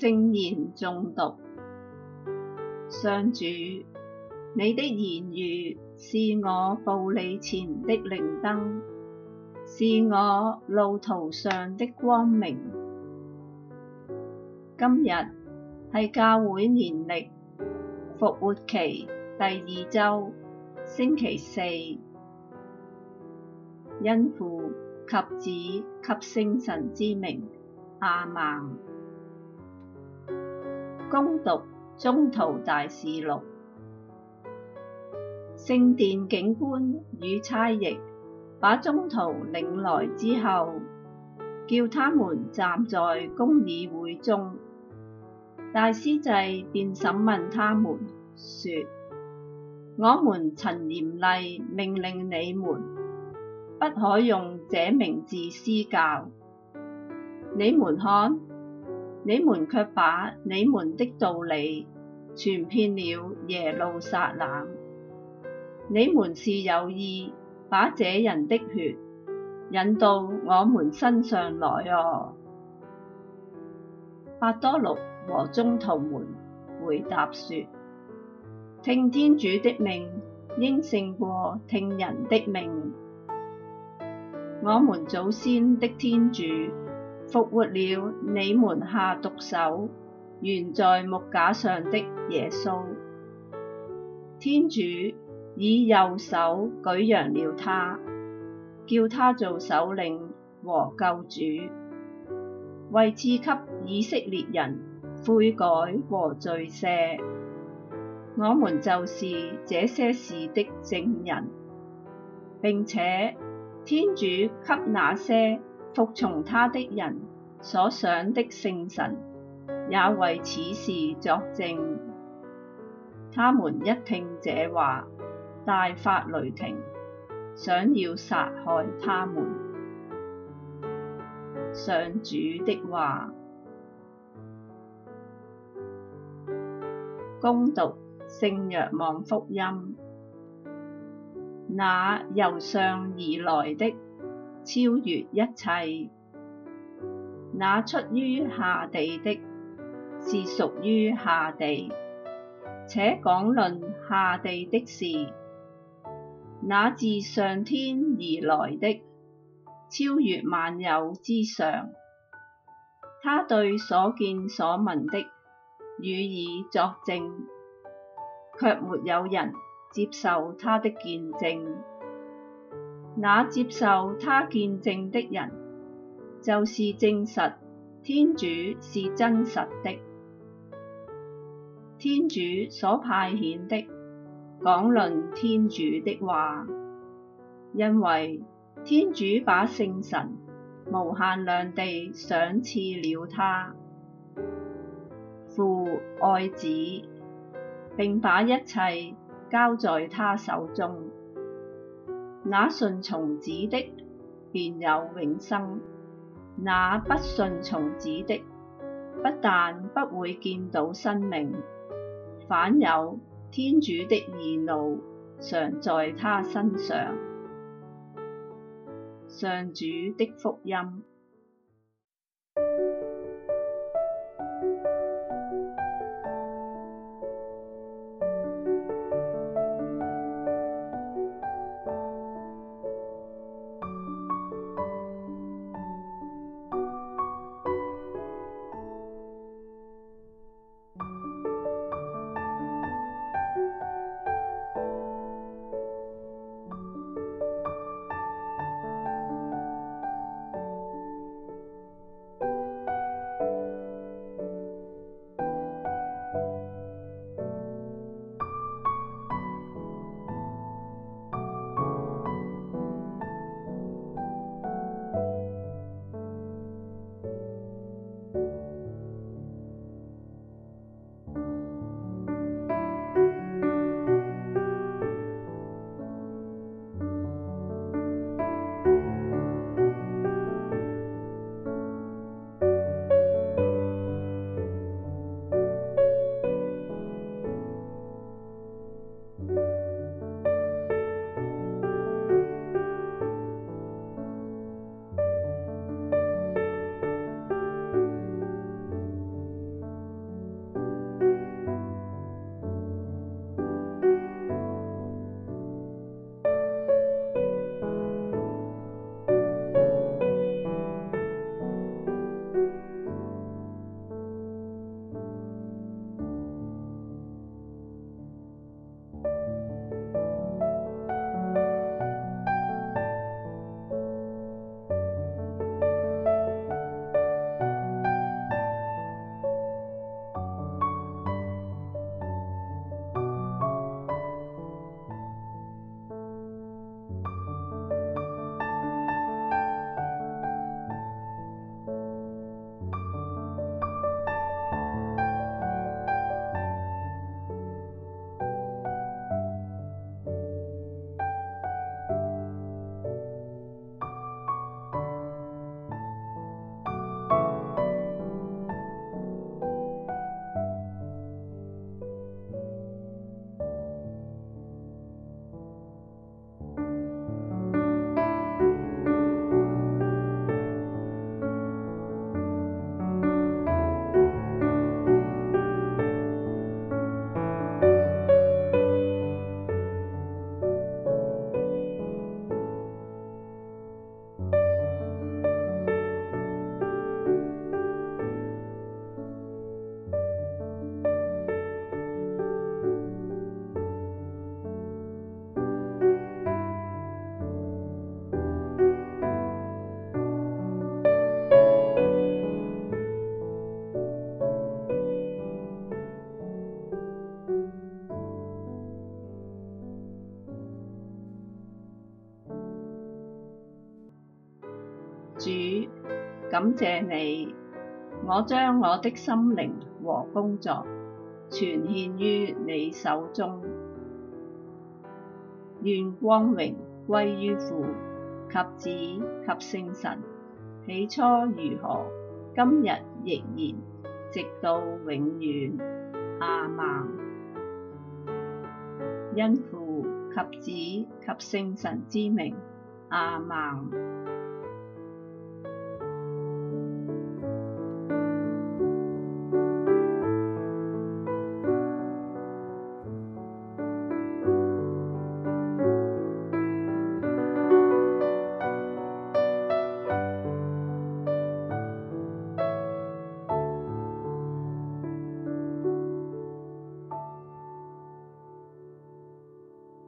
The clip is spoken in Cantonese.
正言中讀，上主，你的言語是我步履前的靈燈，是我路途上的光明。今日係教會年曆復活期第二週星期四，因父及子及聖神之名，阿們。恭讀《宗徒大事錄》，聖殿警官與差役把宗徒領來之後，叫他們站在公議會中。大司祭便審問他們，說：我們曾嚴厲命令你們，不可用這名字施教。你們看。你們卻把你們的道理傳遍了耶路撒冷，你們是有意把這人的血引到我們身上來哦、啊。伯多祿和宗徒們回答說：聽天主的命應勝過聽人的命，我們祖先的天主。復活了你，你們下毒手懸在木架上的耶穌，天主以右手舉揚了他，叫他做首領和救主，為賜給以色列人悔改和罪赦。我們就是這些事的證人，並且天主給那些。服從他的人所賞的聖神，也為此事作證。他們一聽這話，大發雷霆，想要殺害他們。上主的話，恭讀聖若望福音。那由上而來的，超越一切，那出於下地的，是屬於下地，且講論下地的事。那自上天而來的，超越萬有之上，他對所見所聞的，予以作證，卻沒有人接受他的見證。那接受他見證的人，就是證實天主是真實的。天主所派遣的，講論天主的話，因為天主把聖神無限量地賞賜了他，父愛子，並把一切交在他手中。那信從子的，便有永生；那不信從子的，不但不會見到生命，反有天主的義怒常在他身上。上主的福音。主，感謝你，我將我的心靈和工作全獻於你手中，願光榮歸於父及子及聖神，起初如何，今日亦然，直到永遠，阿孟。因父及子及聖神之名，阿孟。